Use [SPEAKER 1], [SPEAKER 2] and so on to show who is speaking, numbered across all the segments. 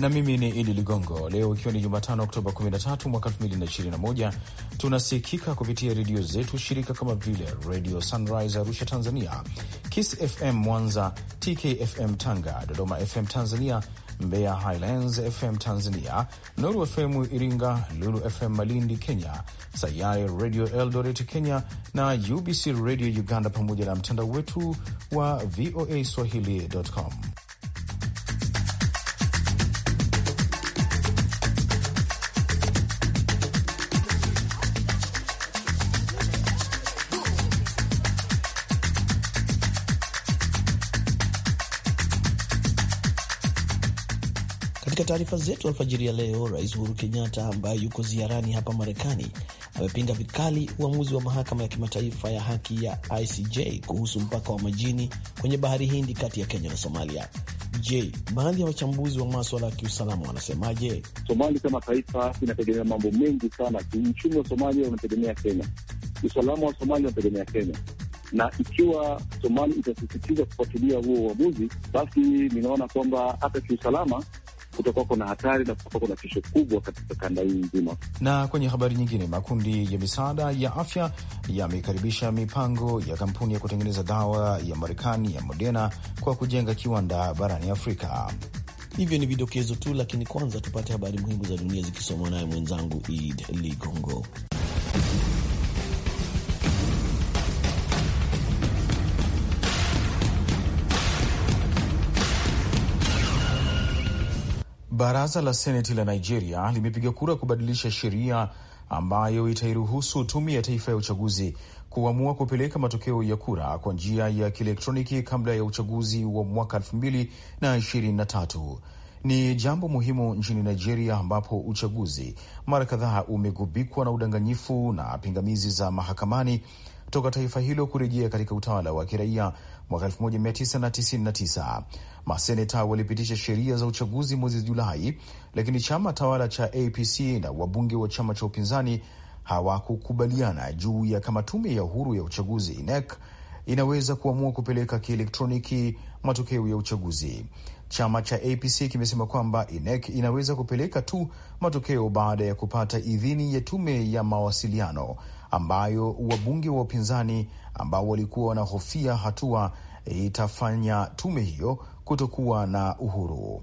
[SPEAKER 1] na mimi ni Idi Ligongo. Leo ikiwa ni Jumatano, Oktoba 13 mwaka 2021, tunasikika kupitia redio zetu shirika kama vile Radio Sunrise Arusha Tanzania, Kiss FM Mwanza, TKFM Tanga, Dodoma FM Tanzania, Mbeya Highlands FM Tanzania, Noru FM Iringa, Lulu FM Malindi Kenya, Sayare Radio Eldoret Kenya na UBC Radio Uganda, pamoja na mtandao wetu wa VOA Swahili.com.
[SPEAKER 2] taarifa zetu alfajiri ya leo, Rais Uhuru Kenyatta ambaye yuko ziarani hapa Marekani amepinga vikali uamuzi wa mahakama ya kimataifa ya haki ya ICJ kuhusu mpaka wa majini kwenye bahari Hindi kati ya Kenya na Somalia. Je, baadhi ya wachambuzi wa maswala ya kiusalama wanasemaje?
[SPEAKER 3] Somali kama taifa inategemea mambo mengi sana. Kiuchumi wa Somalia unategemea Kenya, usalama wa Somalia unategemea Kenya na ikiwa Somali itasisitiza kufuatilia huo uamuzi, basi ninaona kwamba hata kiusalama kutakuwa kuna hatari na kutakuwa kuna tisho kubwa katika kanda hii nzima.
[SPEAKER 1] Na kwenye habari nyingine, makundi ya misaada ya afya yamekaribisha mipango ya kampuni ya kutengeneza dawa ya Marekani ya Moderna kwa kujenga kiwanda barani Afrika. Hivyo ni vidokezo tu, lakini kwanza tupate habari
[SPEAKER 2] muhimu za dunia zikisomwa naye mwenzangu Id Ligongo.
[SPEAKER 1] Baraza la Seneti la Nigeria limepiga kura kubadilisha sheria ambayo itairuhusu tume ya taifa ya uchaguzi kuamua kupeleka matokeo ya kura kwa njia ya kielektroniki kabla ya uchaguzi wa mwaka elfu mbili na ishirini na tatu. Ni jambo muhimu nchini Nigeria ambapo uchaguzi mara kadhaa umegubikwa na udanganyifu na pingamizi za mahakamani toka taifa hilo kurejea katika utawala wa kiraia mwaka 1999. Maseneta walipitisha sheria za uchaguzi mwezi Julai, lakini chama tawala cha APC na wabunge wa chama cha upinzani hawakukubaliana juu ya kama tume ya uhuru ya uchaguzi INEC inaweza kuamua kupeleka kielektroniki matokeo ya uchaguzi. Chama cha APC kimesema kwamba INEC inaweza kupeleka tu matokeo baada ya kupata idhini ya tume ya mawasiliano ambayo wabunge wa upinzani ambao walikuwa wanahofia hatua itafanya tume hiyo kutokuwa na uhuru.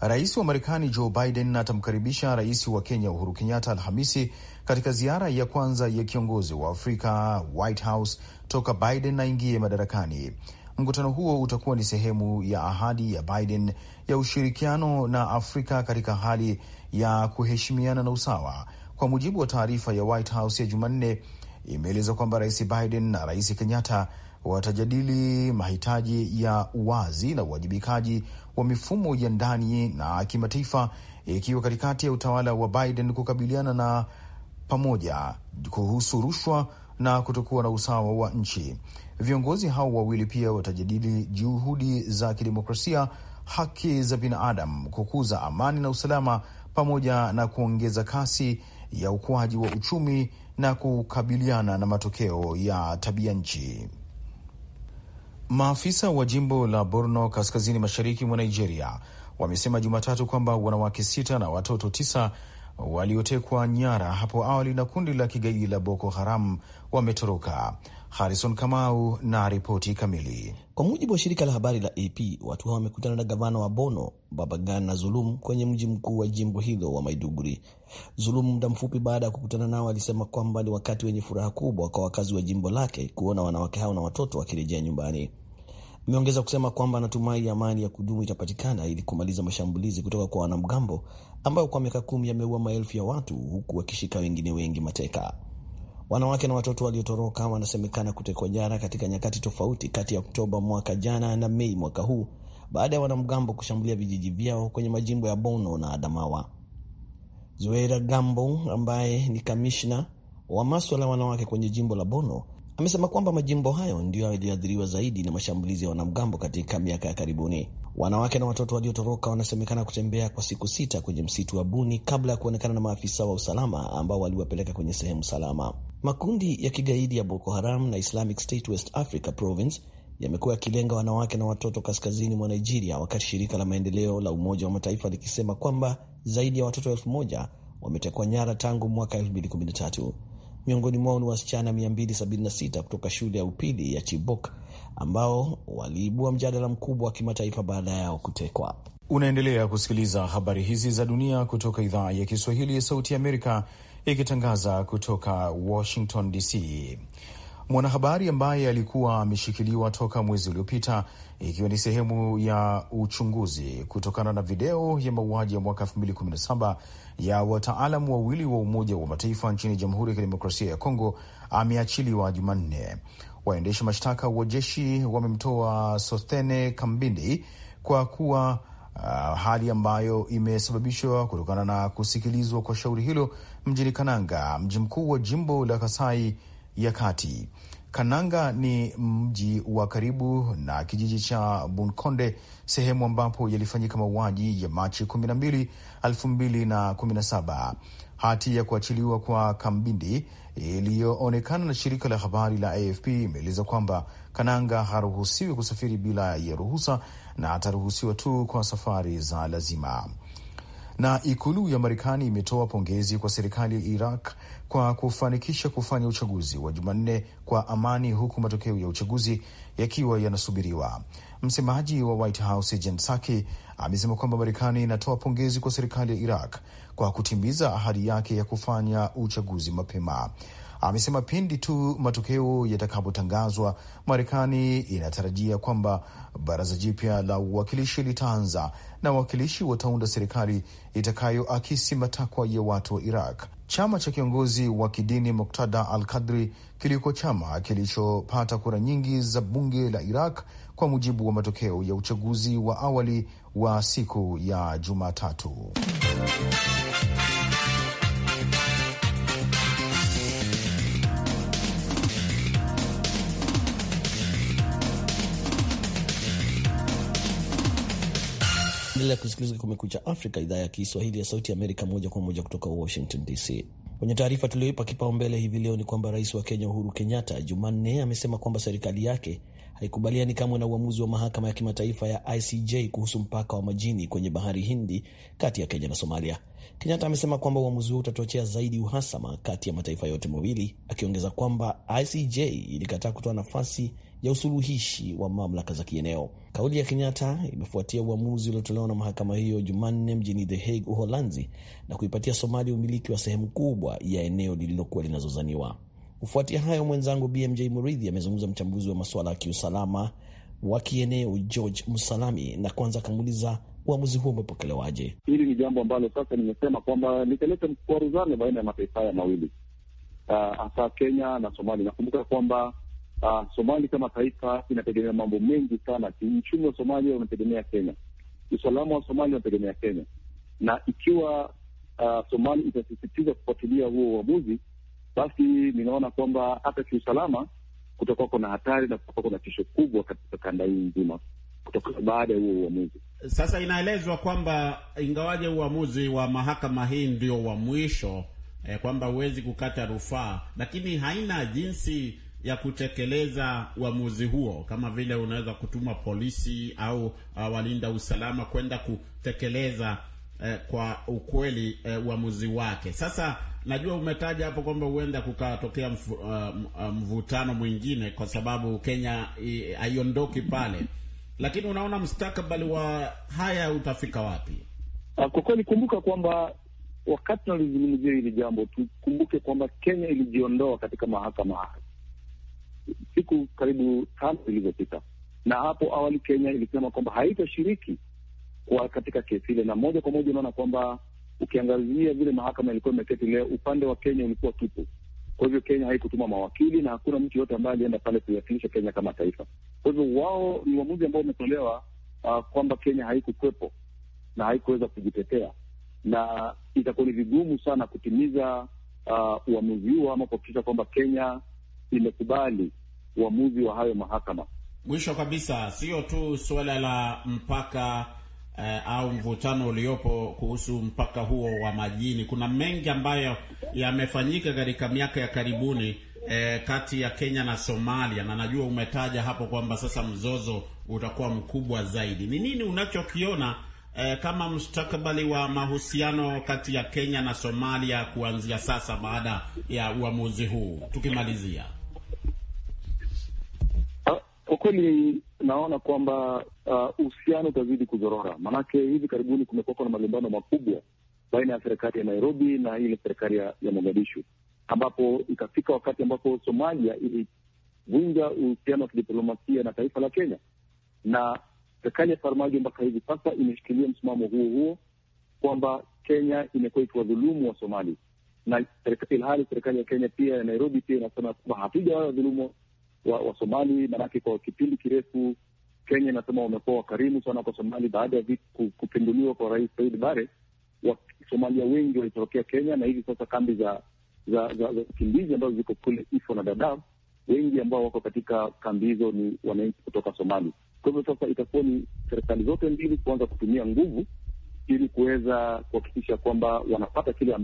[SPEAKER 1] Rais wa Marekani Joe Biden atamkaribisha rais wa Kenya Uhuru Kenyatta Alhamisi katika ziara ya kwanza ya kiongozi wa Afrika White House toka Biden aingie madarakani. Mkutano huo utakuwa ni sehemu ya ahadi ya Biden ya ushirikiano na Afrika katika hali ya kuheshimiana na usawa kwa mujibu wa taarifa ya White House ya Jumanne, imeeleza kwamba Rais Biden na Rais Kenyatta watajadili mahitaji ya uwazi na uwajibikaji wa mifumo ya ndani na kimataifa, ikiwa katikati ya utawala wa Biden kukabiliana na pamoja kuhusu rushwa na kutokuwa na usawa wa nchi. Viongozi hao wawili pia watajadili juhudi za kidemokrasia, haki za binadamu, kukuza amani na usalama, pamoja na kuongeza kasi ya ukuaji wa uchumi na kukabiliana na matokeo ya tabia nchi. Maafisa wa jimbo la Borno kaskazini mashariki mwa Nigeria wamesema Jumatatu kwamba wanawake sita na watoto tisa waliotekwa nyara hapo awali na kundi la kigaidi la Boko Haram wametoroka. Harrison Kamau na ripoti kamili. Kwa mujibu
[SPEAKER 2] wa shirika la habari la AP, watu hawa wamekutana na gavana wa Bono Babagana Zulum kwenye mji mkuu wa jimbo hilo wa Maiduguri. Zulum, muda mfupi baada ya kukutana nao, alisema kwamba ni wakati wenye furaha kubwa kwa wakazi wa jimbo lake kuona wanawake hao na watoto wakirejea nyumbani. Ameongeza kusema kwamba anatumai amani ya kudumu itapatikana ili kumaliza mashambulizi kutoka kwa wanamgambo ambayo kwa miaka kumi yameua maelfu ya watu huku wakishika wengine wengi mateka. Wanawake na watoto waliotoroka wanasemekana kutekwa nyara katika nyakati tofauti kati ya Oktoba mwaka jana na Mei mwaka huu baada ya wanamgambo kushambulia vijiji vyao kwenye majimbo ya Bono na Adamawa. Zuera Gambo ambaye ni kamishna wa maswala ya wanawake kwenye jimbo la Bono amesema kwamba majimbo hayo ndiyo yaliyoathiriwa zaidi na mashambulizi ya wanamgambo katika miaka ya karibuni. Wanawake na watoto waliotoroka wanasemekana kutembea kwa siku sita kwenye msitu wa Buni kabla ya kuonekana na maafisa wa usalama ambao waliwapeleka kwenye sehemu salama. Makundi ya kigaidi ya Boko Haram na Islamic State West Africa Province yamekuwa yakilenga wanawake na watoto kaskazini mwa Nigeria, wakati shirika la maendeleo la Umoja wa Mataifa likisema kwamba zaidi ya watoto elfu moja wametekwa nyara tangu mwaka 2013 miongoni mwao ni wasichana 276 kutoka shule ya upili ya Chibok ambao waliibua
[SPEAKER 1] mjadala mkubwa wa kimataifa baada yao kutekwa. Unaendelea kusikiliza habari hizi za dunia kutoka idhaa ya Kiswahili ya Sauti ya Amerika ikitangaza kutoka Washington DC mwanahabari ambaye alikuwa ameshikiliwa toka mwezi uliopita ikiwa ni sehemu ya uchunguzi kutokana na video ya mauaji ya mwaka 2017 ya wataalam wawili wa Umoja wa Mataifa nchini Jamhuri ya Kidemokrasia ya Kongo ameachiliwa Jumanne. Waendesha mashtaka wa jeshi wamemtoa sostene Kambindi kwa kuwa Uh, hali ambayo imesababishwa kutokana na kusikilizwa kwa shauri hilo mjini Kananga, mji mkuu wa jimbo la Kasai ya Kati. Kananga ni mji wa karibu na kijiji cha Bunkonde, sehemu ambapo yalifanyika mauaji ya Machi 12, 2017. Hati ya kuachiliwa kwa Kambindi iliyoonekana na shirika la habari la AFP imeeleza kwamba Kananga haruhusiwi kusafiri bila ya ruhusa na ataruhusiwa tu kwa safari za lazima. Na ikulu ya Marekani imetoa pongezi kwa serikali ya Iraq kwa kufanikisha kufanya uchaguzi wa Jumanne kwa amani huku matokeo ya uchaguzi yakiwa yanasubiriwa. Msemaji wa White House Jen Psaki amesema kwamba Marekani inatoa pongezi kwa serikali ya Iraq kwa kutimiza ahadi yake ya kufanya uchaguzi mapema. Amesema pindi tu matokeo yatakapotangazwa, Marekani inatarajia kwamba baraza jipya la uwakilishi litaanza na wawakilishi wataunda serikali itakayoakisi matakwa ya watu wa Iraq. Chama cha kiongozi wa kidini muktada Al Kadri kiliko chama kilichopata kura nyingi za bunge la Iraq kwa mujibu wa matokeo ya uchaguzi wa awali wa siku ya Jumatatu.
[SPEAKER 2] Endelea kusikiliza Kumekucha Afrika, idhaa ya Kiswahili ya Sauti Amerika, moja kwa moja kutoka Washington DC. Kwenye taarifa tulioipa kipaumbele hivi leo ni kwamba rais wa Kenya Uhuru Kenyatta Jumanne amesema kwamba serikali yake haikubaliani kamwe na uamuzi wa mahakama ya kimataifa ya ICJ kuhusu mpaka wa majini kwenye bahari Hindi kati ya Kenya na Somalia. Kenyatta amesema kwamba uamuzi huo utachochea zaidi uhasama kati ya mataifa yote mawili, akiongeza kwamba ICJ ilikataa kutoa nafasi ya usuluhishi wa mamlaka za kieneo. Kauli ya Kenyatta imefuatia uamuzi uliotolewa na mahakama hiyo Jumanne mjini The Hague, Uholanzi, na kuipatia Somalia umiliki wa sehemu kubwa ya eneo lililokuwa linazozaniwa. Kufuatia hayo, mwenzangu BMJ Muridhi amezungumza mchambuzi wa masuala ya kiusalama wa kieneo George Msalami, na kwanza akamuuliza uamuzi huo umepokelewaje?
[SPEAKER 3] Hili ni jambo ambalo sasa nimesema kwamba litaleta mkwaruzano baina ya mataifa haya mawili, ah, hasa uh, Kenya na Somalia. Nakumbuka kwamba Uh, Somali kama taifa inategemea mambo mengi sana. Kiuchumi wa Somalia unategemea Kenya, usalama wa Somalia unategemea Kenya, na ikiwa uh, ah, Somali itasisitiza kufuatilia huo uamuzi, basi ninaona kwamba hata kiusalama kutakuwa kuna hatari na kutakuwa kuna tisho kubwa katika kanda hii nzima kutoka baada ya huo uamuzi.
[SPEAKER 4] Sasa inaelezwa kwamba ingawaje uamuzi wa mahakama hii ndio wa mwisho eh, kwamba huwezi kukata rufaa, lakini haina jinsi ya kutekeleza uamuzi huo, kama vile unaweza kutuma polisi au uh, walinda usalama kwenda kutekeleza uh, kwa ukweli eh, uamuzi wake. Sasa najua umetaja hapo kwamba huenda kukatokea mf, uh, uh, mvutano mwingine kwa sababu Kenya haiondoki pale, lakini unaona mustakabali wa haya utafika wapi?
[SPEAKER 3] Ah, kwa kweli, kumbuka kwamba wakati tunalizungumzia hili jambo, tukumbuke kwamba Kenya ilijiondoa katika mahakama siku karibu tano zilizopita, na hapo awali Kenya ilisema kwamba haitashiriki kwa katika kesi ile, na moja kwa moja unaona kwamba ukiangazia vile mahakama ilikuwa imeketi leo, upande wa Kenya ulikuwa tupu. Kwa hivyo Kenya haikutuma mawakili na hakuna mtu yoyote ambaye alienda pale kuiwakilisha Kenya kama taifa. Kwa hivyo wao ni uamuzi ambao umetolewa uh, kwamba Kenya haikukwepo na haikuweza kujitetea, na itakuwa ni vigumu sana kutimiza uh, uamuzi huo ama kuhakikisha kwamba Kenya imekubali uamuzi wa hayo mahakama.
[SPEAKER 4] Mwisho kabisa, sio tu suala la mpaka eh, au mvutano uliopo kuhusu mpaka huo wa majini. Kuna mengi ambayo yamefanyika katika miaka ya karibuni eh, kati ya Kenya na Somalia, na najua umetaja hapo kwamba sasa mzozo utakuwa mkubwa zaidi. Ni nini unachokiona eh, kama mustakabali wa mahusiano kati ya Kenya na Somalia kuanzia sasa baada ya uamuzi huu tukimalizia?
[SPEAKER 3] kweli naona kwamba uh, uhusiano utazidi kuzorora, maanake hivi karibuni kumekuwa na malumbano makubwa baina ya serikali ya Nairobi na ile serikali ya Mogadishu, ambapo ikafika wakati ambapo Somalia ilivunja uhusiano wa kidiplomasia na taifa la Kenya, na serikali ya Farmajo mpaka hivi sasa imeshikilia msimamo huo huo kwamba Kenya imekuwa ikiwadhulumu wa Somali, na ilhali serikali ya Kenya pia ya Nairobi pia inasema kwamba hatujawadhulumu wa, wa Somali. Maanake kwa kipindi kirefu Kenya inasema wamekuwa wakarimu sana kwa Somali. Baada ya kupinduliwa kwa Rais Said Bare, Wasomalia wengi walitorokea Kenya, na hivi sasa kambi za za za wakimbizi ambazo ziko kule Ifo na Dadaab, wengi ambao wako katika kambi hizo ni wananchi kutoka Somali. Kwa hivyo sasa itakuwa ni serikali zote mbili kuanza kutumia nguvu ili kuweza kuhakikisha kwamba wanapata kile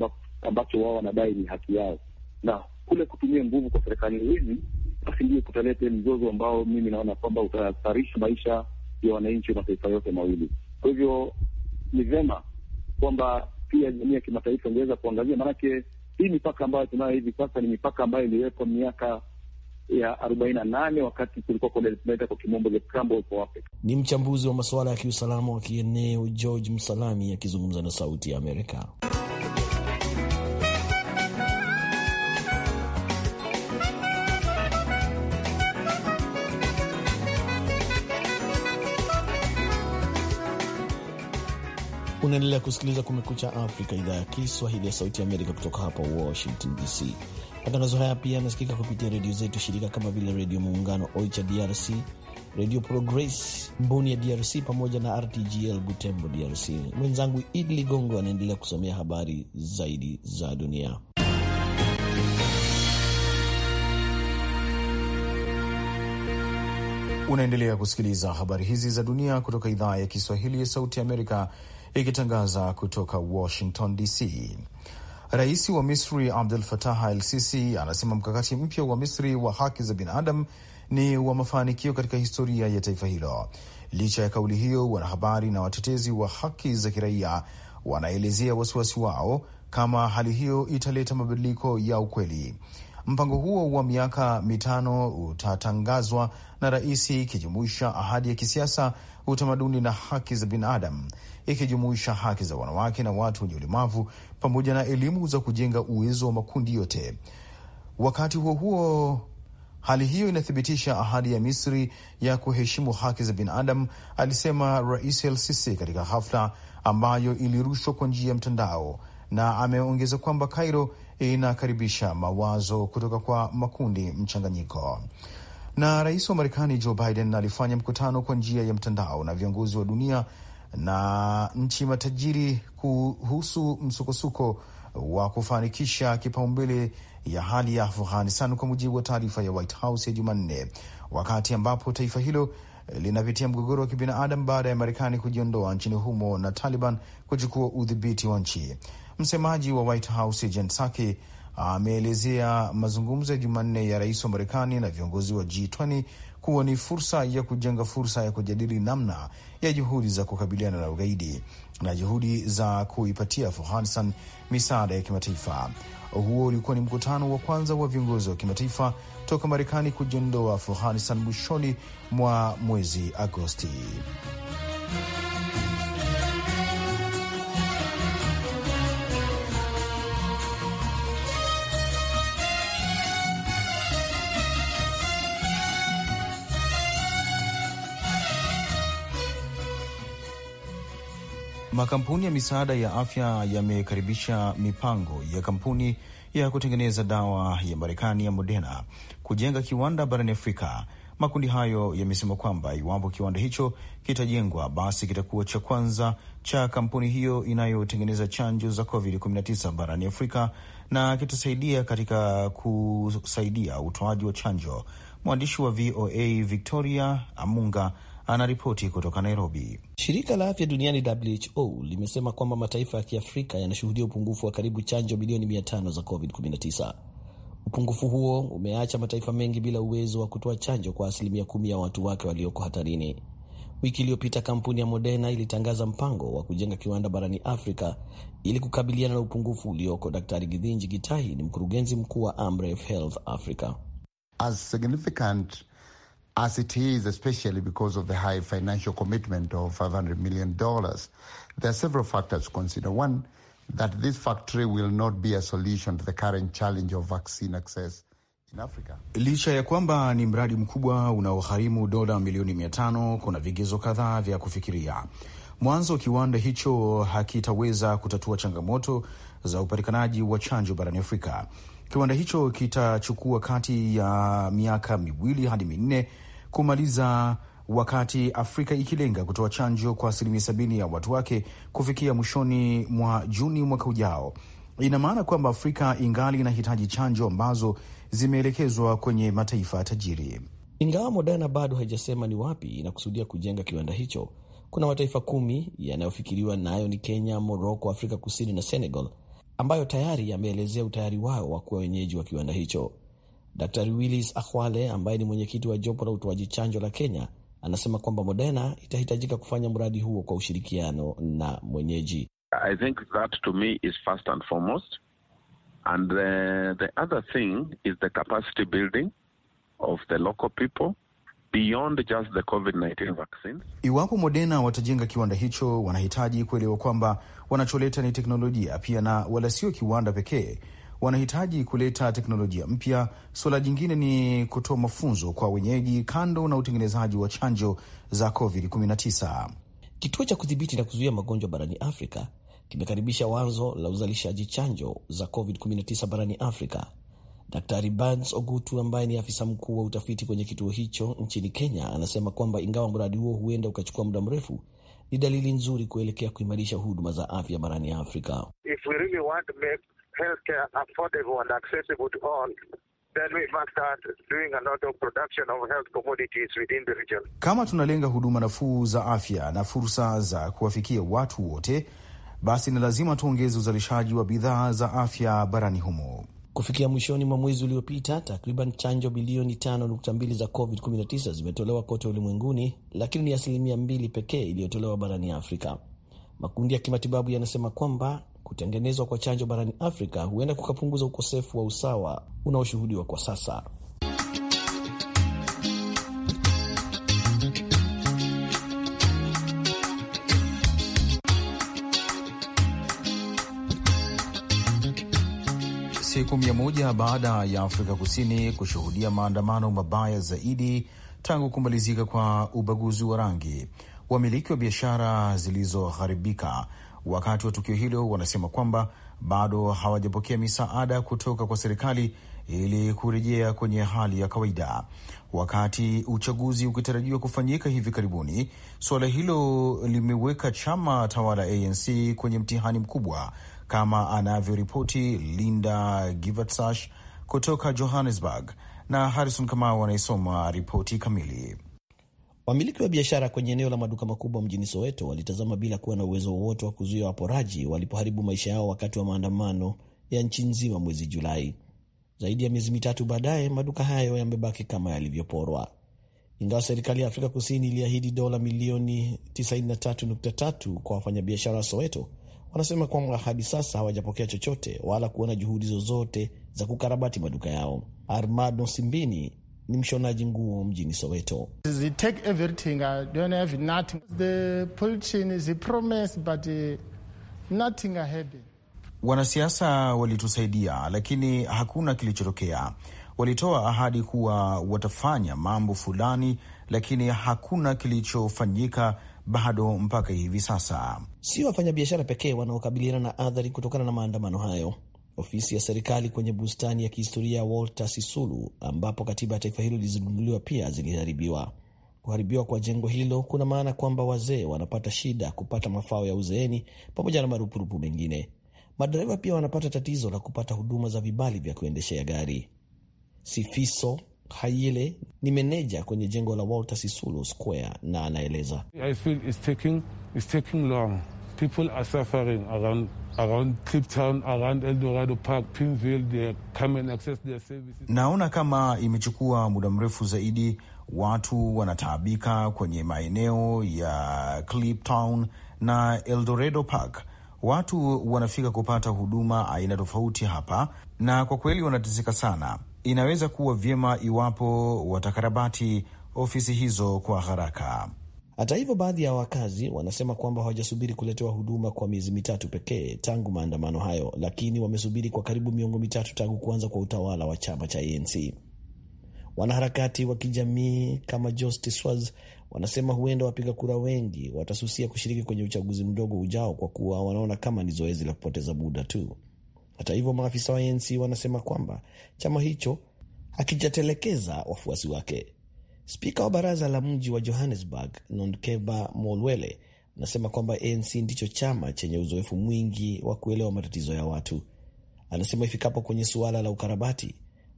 [SPEAKER 3] ambacho wao wanadai ni haki yao, na kule kutumia nguvu kwa serikali hizi nafikiri kutalete mzozo ambao mimi naona kwamba utahatarisha maisha ya wananchi wa mataifa yote mawili. Kwa hivyo ni vema kwamba pia jamii ya kimataifa ingeweza kuangazia, maanake hii mipaka ambayo tunayo hivi sasa ni mipaka ambayo iliwekwa miaka ya arobaini na nane wakati kulikuwa tunaita kwa kimombo the Scramble for Africa.
[SPEAKER 2] Ni mchambuzi wa masuala ya kiusalama wa kieneo George Msalami akizungumza na Sauti ya Amerika. Unaendelea kusikiliza Kumekucha Afrika, idhaa ya Kiswahili ya Sauti ya Amerika kutoka hapa Washington DC. Matangazo haya pia yanasikika kupitia redio zetu shirika kama vile Redio Muungano Oicha DRC, Redio Progress mbuni ya DRC pamoja na RTGL Butembo DRC. Mwenzangu Idi Ligongo anaendelea kusomea habari zaidi za dunia.
[SPEAKER 1] Unaendelea kusikiliza habari hizi za dunia kutoka idhaa ya Kiswahili ya Sauti ya Amerika ikitangaza kutoka Washington DC. Rais wa Misri abdul Fatah El Sisi anasema mkakati mpya wa Misri wa haki za binadamu ni wa mafanikio katika historia ya taifa hilo. Licha ya kauli hiyo, wanahabari na watetezi wa haki za kiraia wanaelezea wasiwasi wao kama hali hiyo italeta mabadiliko ya ukweli. Mpango huo wa miaka mitano utatangazwa na rais, ikijumuisha ahadi ya kisiasa utamaduni na haki za binadamu, ikijumuisha haki za wanawake na watu wenye ulemavu pamoja na elimu za kujenga uwezo wa makundi yote. Wakati huo huo, hali hiyo inathibitisha ahadi ya Misri ya kuheshimu haki za binadamu, alisema Rais El Sisi katika hafla ambayo ilirushwa kwa njia ya mtandao, na ameongeza kwamba Kairo inakaribisha mawazo kutoka kwa makundi mchanganyiko. Na rais wa Marekani Joe Biden alifanya mkutano kwa njia ya mtandao na viongozi wa dunia na nchi matajiri kuhusu msukosuko wa kufanikisha kipaumbele ya hali ya Afghanistan kwa mujibu wa taarifa ya White House ya Jumanne, wakati ambapo taifa hilo linapitia mgogoro wa kibinadamu baada ya Marekani kujiondoa nchini humo na Taliban kuchukua udhibiti wa nchi. Msemaji wa White House Jen Psaki ameelezea mazungumzo ya Jumanne ya rais wa Marekani na viongozi wa G20 kuwa ni fursa ya kujenga fursa ya kujadili namna ya juhudi za kukabiliana na ugaidi na juhudi za kuipatia Afghanistan misaada ya kimataifa. Huo ulikuwa ni mkutano wa kwanza wa viongozi wa kimataifa toka Marekani kujiondoa Afghanistan mwishoni mwa mwezi Agosti. Makampuni ya misaada ya afya yamekaribisha mipango ya kampuni ya kutengeneza dawa ya Marekani ya Moderna kujenga kiwanda barani Afrika. Makundi hayo yamesema kwamba iwapo kiwanda hicho kitajengwa, basi kitakuwa cha kwanza cha kampuni hiyo inayotengeneza chanjo za COVID-19 barani Afrika na kitasaidia katika kusaidia utoaji wa chanjo. Mwandishi wa VOA Victoria Amunga anaripoti kutoka Nairobi. Shirika la afya duniani WHO limesema kwamba mataifa ya Kiafrika
[SPEAKER 2] yanashuhudia upungufu wa karibu chanjo milioni 500 za COVID-19. Upungufu huo umeacha mataifa mengi bila uwezo wa kutoa chanjo kwa asilimia kumi ya watu wake walioko hatarini. Wiki iliyopita kampuni ya Moderna ilitangaza mpango wa kujenga kiwanda barani Afrika ili kukabiliana na upungufu ulioko. Daktari Githinji Gitahi ni mkurugenzi mkuu wa Amref Health Africa. As significant as it is, especially because of the high financial
[SPEAKER 3] commitment of $500 million. There are several factors to consider. One,
[SPEAKER 1] that this factory will not be a solution to the current challenge of vaccine access. Licha ya kwamba ni mradi mkubwa unaogharimu dola milioni mia tano, kuna vigezo kadhaa vya kufikiria. Mwanzo, kiwanda hicho hakitaweza kutatua changamoto za upatikanaji wa chanjo barani Afrika. Kiwanda hicho kitachukua kati ya miaka miwili hadi minne kumaliza, wakati Afrika ikilenga kutoa chanjo kwa asilimia sabini ya watu wake kufikia mwishoni mwa Juni mwaka ujao. Ina maana kwamba Afrika ingali inahitaji chanjo ambazo zimeelekezwa kwenye mataifa tajiri. Ingawa Moderna bado haijasema ni wapi inakusudia kujenga
[SPEAKER 2] kiwanda hicho, kuna mataifa kumi yanayofikiriwa nayo ni Kenya, Moroko, Afrika Kusini na Senegal ambayo tayari yameelezea utayari wao wa kuwa wenyeji wa kiwanda hicho. Dr Willis Akhwale ambaye ni mwenyekiti wa jopo la utoaji chanjo la Kenya anasema kwamba Moderna itahitajika kufanya mradi huo kwa ushirikiano na mwenyeji.
[SPEAKER 4] I think that to me is first and foremost. And the, uh, the other thing is the capacity building of the local people beyond just the COVID-19 vaccines.
[SPEAKER 1] Iwapo Moderna watajenga kiwanda hicho, wanahitaji kuelewa kwamba wanacholeta ni teknolojia pia, na wala sio kiwanda pekee. Wanahitaji kuleta teknolojia mpya. Suala jingine ni kutoa mafunzo kwa wenyeji, kando na utengenezaji wa chanjo za COVID-19. Kituo cha kudhibiti na kuzuia magonjwa barani Afrika kimekaribisha wazo
[SPEAKER 2] la uzalishaji chanjo za COVID-19 barani Afrika Daktari bans Ogutu ambaye ni afisa mkuu wa utafiti kwenye kituo hicho nchini Kenya anasema kwamba ingawa mradi huo huenda ukachukua muda mrefu, ni dalili nzuri kuelekea kuimarisha huduma za afya barani Afrika.
[SPEAKER 5] If we really want to make healthcare affordable and accessible to all
[SPEAKER 1] kama tunalenga huduma nafuu za afya na fursa za kuwafikia watu wote, basi ni lazima tuongeze uzalishaji wa bidhaa za afya barani humo. Kufikia mwishoni mwa mwezi uliopita, takriban
[SPEAKER 2] chanjo bilioni 5.2 za COVID-19 zimetolewa kote ulimwenguni, lakini ni asilimia mbili pekee iliyotolewa barani Afrika. Makundi ya kimatibabu yanasema kwamba kutengenezwa kwa chanjo barani Afrika huenda kukapunguza ukosefu wa usawa unaoshuhudiwa kwa sasa.
[SPEAKER 1] siku mia moja baada ya Afrika Kusini kushuhudia maandamano mabaya zaidi tangu kumalizika kwa ubaguzi wa rangi. Wamiliki wa biashara zilizoharibika wakati wa tukio hilo wanasema kwamba bado hawajapokea misaada kutoka kwa serikali ili kurejea kwenye hali ya kawaida, wakati uchaguzi ukitarajiwa kufanyika hivi karibuni. Suala hilo limeweka chama tawala ANC kwenye mtihani mkubwa kama anavyoripoti Linda Givatsash kutoka Johannesburg, na Harrison Kamau anayesoma ripoti kamili. Wamiliki wa biashara kwenye eneo
[SPEAKER 2] la maduka makubwa mjini Soweto walitazama bila kuwa na uwezo wowote wa kuzuia waporaji walipoharibu maisha yao wakati wa maandamano ya nchi nzima mwezi Julai. Zaidi ya miezi mitatu baadaye, maduka hayo yamebaki kama yalivyoporwa. Ingawa serikali ya Afrika Kusini iliahidi dola milioni 93.3 kwa wafanyabiashara wa Soweto wanasema kwamba hadi sasa hawajapokea chochote wala kuona juhudi zozote za kukarabati maduka yao. Armando Simbini ni mshonaji nguo mjini Soweto.
[SPEAKER 4] Uh,
[SPEAKER 1] Wanasiasa walitusaidia, lakini hakuna kilichotokea. Walitoa ahadi kuwa watafanya mambo fulani, lakini hakuna kilichofanyika bado mpaka hivi sasa. Sio wafanyabiashara pekee wanaokabiliana na adhari kutokana
[SPEAKER 2] na maandamano hayo. Ofisi ya serikali kwenye bustani ya kihistoria ya Walter Sisulu ambapo katiba ya taifa hilo lilizinduliwa pia ziliharibiwa. Kuharibiwa kwa jengo hilo kuna maana kwamba wazee wanapata shida kupata mafao ya uzeeni pamoja na marupurupu mengine. Madereva pia wanapata tatizo la kupata huduma za vibali vya kuendeshea gari. Sifiso Khaile ni meneja kwenye jengo la Walter Sisulu Square na anaeleza
[SPEAKER 1] Naona kama imechukua muda mrefu zaidi. Watu wanataabika kwenye maeneo ya Clip Town na Eldoredo Park. Watu wanafika kupata huduma aina tofauti hapa, na kwa kweli wanateseka sana inaweza kuwa vyema iwapo watakarabati ofisi hizo kwa haraka. Hata hivyo,
[SPEAKER 2] baadhi ya wakazi wanasema kwamba hawajasubiri kuletewa huduma kwa miezi mitatu pekee tangu maandamano hayo, lakini wamesubiri kwa karibu miongo mitatu tangu kuanza kwa utawala wa chama cha ANC. Wanaharakati wa kijamii kama Josti Swaz wanasema huenda wapiga kura wengi watasusia kushiriki kwenye uchaguzi mdogo ujao kwa kuwa wanaona kama ni zoezi la kupoteza muda tu. Hata hivyo, maafisa wa ANC wanasema kwamba chama hicho hakijatelekeza wafuasi wake. Spika wa baraza la mji wa Johannesburg, Nondkeba Molwele, anasema kwamba ANC ndicho chama chenye uzoefu mwingi wa kuelewa matatizo ya watu. Anasema ifikapo kwenye suala la ukarabati,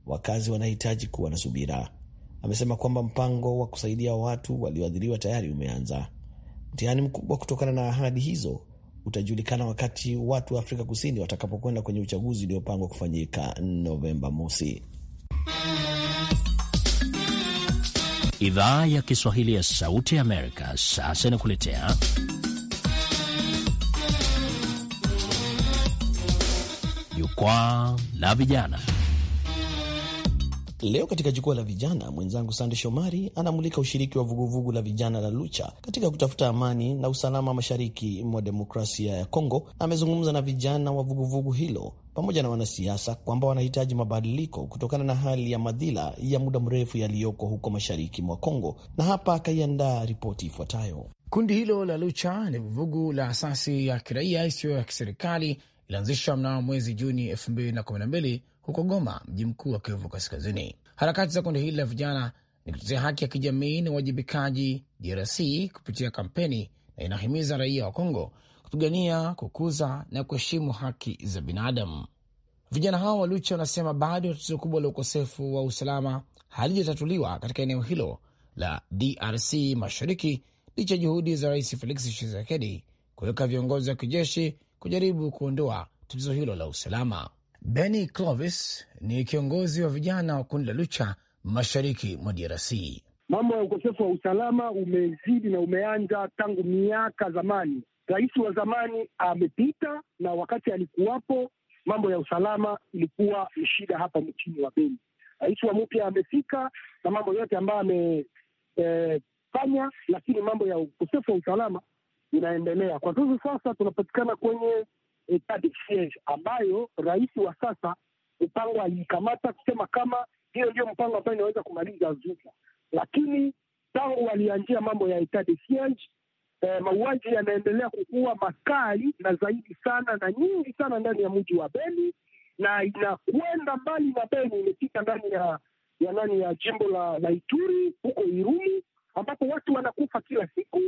[SPEAKER 2] wakazi wanahitaji kuwa na subira. Amesema kwamba mpango wa kusaidia watu walioathiriwa tayari umeanza. Mtihani mkubwa kutokana na ahadi hizo utajulikana wakati watu wa Afrika Kusini watakapokwenda kwenye uchaguzi uliopangwa kufanyika Novemba mosi. Idhaa ya Kiswahili ya Sauti ya Amerika sasa inakuletea jukwaa la vijana. Leo katika jukwaa la vijana, mwenzangu Sande Shomari anamulika ushiriki wa vuguvugu la vijana la Lucha katika kutafuta amani na usalama mashariki mwa demokrasia ya Kongo, na amezungumza na vijana wa vuguvugu hilo pamoja na wanasiasa kwamba wanahitaji mabadiliko kutokana na hali ya madhila ya muda mrefu yaliyoko huko mashariki mwa Kongo, na hapa akaiandaa ripoti ifuatayo.
[SPEAKER 6] Kundi hilo la Lucha ni vuguvugu la asasi ya kiraia isiyo ya kiserikali, ilianzishwa mnamo mwezi Juni 2012 huko Goma, mji mkuu wa Kivu Kaskazini. Harakati za kundi hili la vijana ni kutetea haki ya kijamii na uwajibikaji DRC kupitia kampeni na inahimiza raia wa Kongo kupigania kukuza na kuheshimu haki za binadamu. Vijana hao wa Lucha wanasema bado tatizo kubwa la ukosefu wa usalama halijatatuliwa katika eneo hilo la DRC mashariki licha juhudi za Rais Felix Tshisekedi kuweka viongozi wa kijeshi kujaribu kuondoa tatizo hilo la usalama. Benny Clovis ni kiongozi wa vijana wa kundi la Lucha mashariki mwa DRC.
[SPEAKER 5] Mambo ya ukosefu wa usalama umezidi na umeanza tangu miaka zamani. Rais wa zamani amepita, na wakati alikuwapo mambo ya usalama ilikuwa ni shida hapa mchini wa Beni. Rais wa mpya amefika na mambo yote ambayo amefanya, e, lakini mambo ya ukosefu wa usalama inaendelea kwa sasa. Sasa tunapatikana kwenye etat de siege ambayo rais wa sasa mpango aliikamata kusema kama hiyo ndio mpango ambayo inaweza kumaliza Zuba, lakini tangu walianjia mambo ya etat de siege eh, mauaji yanaendelea kukuwa makali na zaidi sana na nyingi sana ndani ya mji wa Beni na inakwenda mbali na Beni, imepita ndani ya ya nani ya jimbo la, la Ituri huko Irumu ambapo watu wanakufa kila siku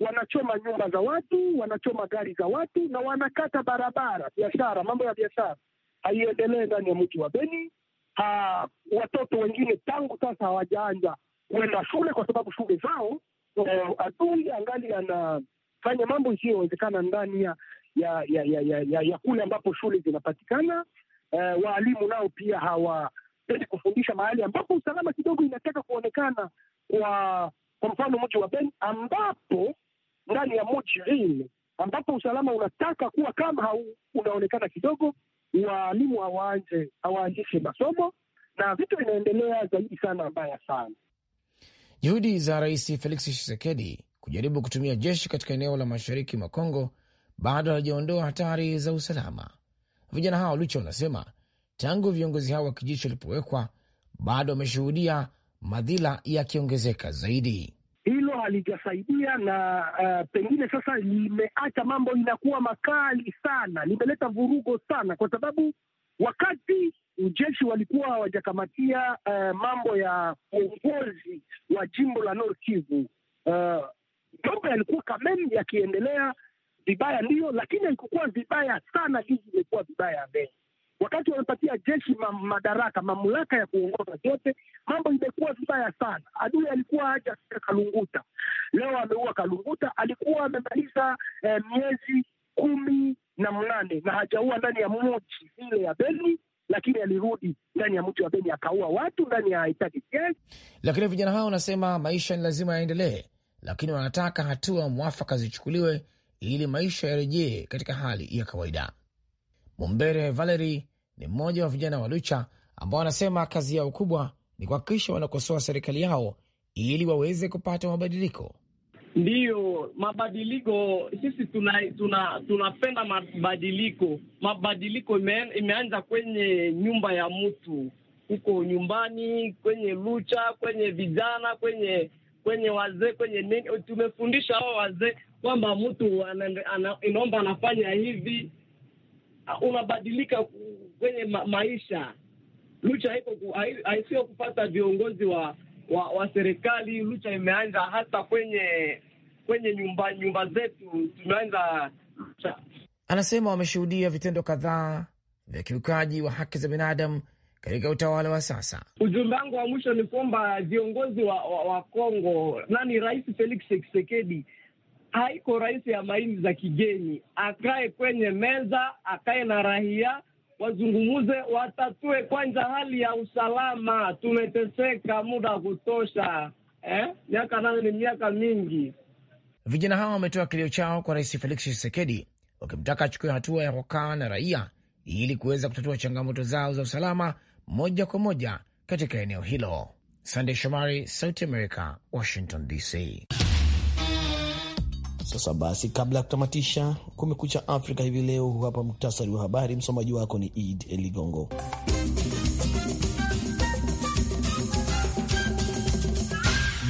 [SPEAKER 5] wanachoma nyumba za watu, wanachoma gari za watu na wanakata barabara. Biashara, mambo ya biashara haiendelee ndani ya mji wa Beni. Ha, watoto wengine tangu sasa hawajaanja kwenda shule kwa sababu shule zao eh, adui angali anafanya mambo isiyowezekana ndani ya ya ya, ya, ya, ya, ya kule ambapo shule zinapatikana. Eh, waalimu nao pia hawapendi kufundisha mahali ambapo usalama kidogo inataka kuonekana kwa kwa mfano mji wa Beni ambapo ndani ya Mochi Ilm ambapo usalama unataka kuwa kama hau, unaonekana kidogo, waalimu hawaanze hawaanzishe masomo na vitu vinaendelea zaidi sana mbaya sana.
[SPEAKER 6] Juhudi za Rais Felix Tshisekedi kujaribu kutumia jeshi katika eneo la mashariki mwa Kongo bado hajaondoa hatari za usalama. Vijana hao licha wanasema tangu viongozi hao wa kijeshi walipowekwa bado wameshuhudia madhila yakiongezeka zaidi
[SPEAKER 5] halijasaidia na uh, pengine sasa limeacha mambo inakuwa makali sana, limeleta vurugo sana, kwa sababu wakati ujeshi walikuwa hawajakamatia uh, mambo ya uongozi wa jimbo la North Kivu uh, mambo yalikuwa kamen yakiendelea vibaya, ndiyo, lakini haikukuwa vibaya sana hizi imekuwa vibaya mbele. Wakati wamepatia jeshi madaraka mamlaka ya kuongoza zote, mambo imekuwa vibaya sana. Adui alikuwa aja Kalunguta, leo ameua Kalunguta. Alikuwa amemaliza eh, miezi kumi na mnane na hajaua ndani ya mji ile ya Beni, lakini alirudi ndani ya mji wa Beni akaua watu ndani ya
[SPEAKER 6] itaki. Lakini vijana hao wanasema maisha ni lazima yaendelee, lakini wanataka hatua mwafaka zichukuliwe ili maisha yarejee katika hali ya kawaida. Mumbere valeri ni mmoja wa vijana wa Lucha ambao anasema kazi yao kubwa ni kuhakikisha wanakosoa serikali yao ili waweze kupata mabadiliko. Ndiyo,
[SPEAKER 7] mabadiliko. Sisi tunapenda tuna, tuna mabadiliko. Mabadiliko ime, imeanza kwenye nyumba ya mtu huko nyumbani, kwenye Lucha, kwenye vijana, kwenye kwenye wazee, kwenye nini. Tumefundisha hao wazee kwamba mtu inaomba anafanya hivi Ah, unabadilika kwenye ma maisha. Lucha haisio kupata viongozi wa, wa, wa serikali. Lucha imeanza hata kwenye kwenye nyumba nyumba zetu tumeanza lucha.
[SPEAKER 6] Anasema wameshuhudia vitendo kadhaa vya kiukaji wa haki za binadamu katika utawala wa sasa. Ujumbe
[SPEAKER 7] wangu wa mwisho ni kwamba viongozi wa, wa, wa Kongo, nani Rais Felix Tshisekedi haiko rais ya maini za kigeni, akae kwenye meza, akae na rahia wazungumuze, watatue kwanza hali ya usalama. Tumeteseka muda wa kutosha eh? miaka nayo ni miaka mingi.
[SPEAKER 6] Vijana hao wametoa kilio chao kwa Rais Felix Tshisekedi wakimtaka achukue hatua ya kukaa na raia ili kuweza kutatua changamoto zao za usalama moja kwa moja katika eneo hilo. Sandey Shomari, Sauti America, Washington DC.
[SPEAKER 2] Sasa basi, kabla ya kutamatisha Kumekucha Afrika hivi leo, hapa muktasari wa habari. Msomaji wako ni ed Eligongo.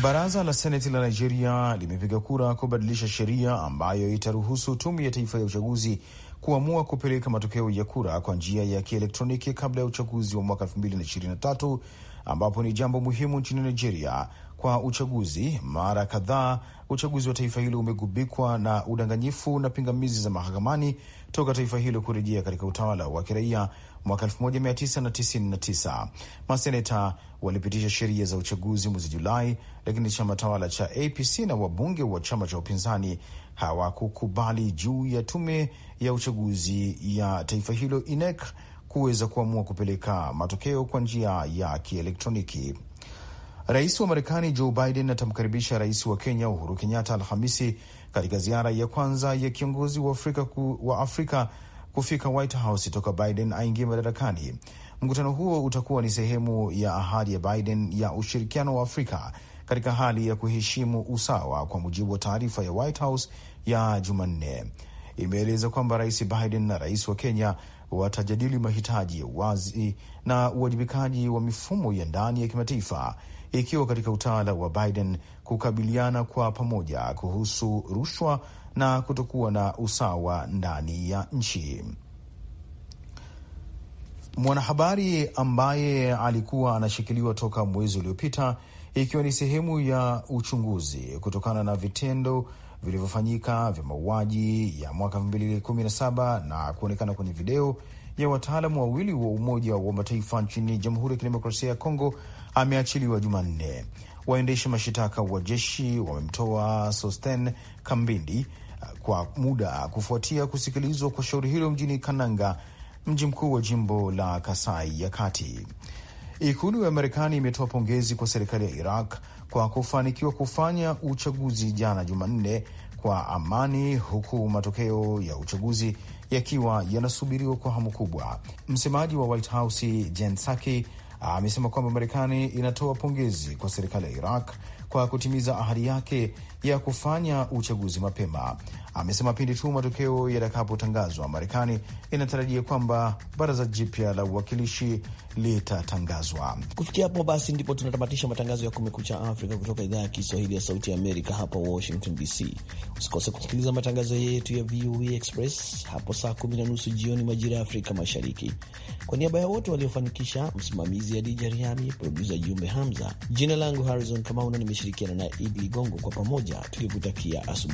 [SPEAKER 1] Baraza la Seneti la Nigeria limepiga kura kubadilisha sheria ambayo itaruhusu tume ya taifa ya uchaguzi kuamua kupeleka matokeo ya kura kwa njia ya kielektroniki kabla ya uchaguzi wa mwaka 2023 ambapo ni jambo muhimu nchini Nigeria kwa uchaguzi mara kadhaa. Uchaguzi wa taifa hilo umegubikwa na udanganyifu na pingamizi za mahakamani toka taifa hilo kurejea katika utawala wa kiraia mwaka 1999. Maseneta walipitisha sheria za uchaguzi mwezi Julai, lakini chama tawala cha APC na wabunge wa chama cha upinzani hawakukubali juu ya tume ya uchaguzi ya taifa hilo INEC kuweza kuamua kupeleka matokeo kwa njia ya kielektroniki. Rais wa Marekani Joe Biden atamkaribisha rais wa Kenya Uhuru Kenyatta Alhamisi katika ziara ya kwanza ya kiongozi wa Afrika, ku, wa Afrika kufika White House toka Biden aingie madarakani. Mkutano huo utakuwa ni sehemu ya ahadi ya Biden ya ushirikiano wa Afrika katika hali ya kuheshimu usawa, kwa mujibu wa taarifa ya White House ya Jumanne. Imeeleza kwamba Rais Biden na rais wa Kenya watajadili mahitaji ya uwazi na uwajibikaji wa mifumo ya ndani ya kimataifa ikiwa katika utawala wa Biden kukabiliana kwa pamoja kuhusu rushwa na kutokuwa na usawa ndani ya nchi. Mwanahabari ambaye alikuwa anashikiliwa toka mwezi uliopita ikiwa ni sehemu ya uchunguzi kutokana na vitendo vilivyofanyika vya mauaji ya mwaka 2017 na kuonekana kwenye video ya wataalamu wawili wa Umoja wa Mataifa nchini Jamhuri ya Kidemokrasia ya Kongo ameachiliwa Jumanne. Waendesha mashitaka wa jeshi wamemtoa Sosten Kambindi uh, kwa muda kufuatia kusikilizwa kwa shauri hilo mjini Kananga, mji mkuu wa jimbo la Kasai ya Kati. Ikulu ya Marekani imetoa pongezi kwa serikali ya Iraq kwa kufanikiwa kufanya uchaguzi jana Jumanne kwa amani, huku matokeo ya uchaguzi yakiwa yanasubiriwa kwa hamu kubwa. Msemaji wa White House Jen Psaki Ah, amesema kwamba Marekani inatoa pongezi kwa serikali ya Iraq kwa kutimiza ahadi yake ya kufanya uchaguzi mapema amesema pindi tu matokeo yatakapotangazwa, Marekani inatarajia kwamba baraza jipya la uwakilishi litatangazwa. Kufikia hapo basi, ndipo
[SPEAKER 2] tunatamatisha matangazo ya Kumekucha Afrika kutoka idhaa ya Kiswahili ya Sauti ya Amerika hapa Washington DC. Usikose kusikiliza matangazo yetu ya VOA e Express hapo saa kumi na nusu jioni majira ya Afrika Mashariki. Kwa niaba ya wote waliofanikisha, msimamizi Adija Riami, produsa Jumbe Hamza, jina langu Harrison Kamauna, nimeshirikiana na Idi Ligongo, kwa pamoja tulikutakia asubuhi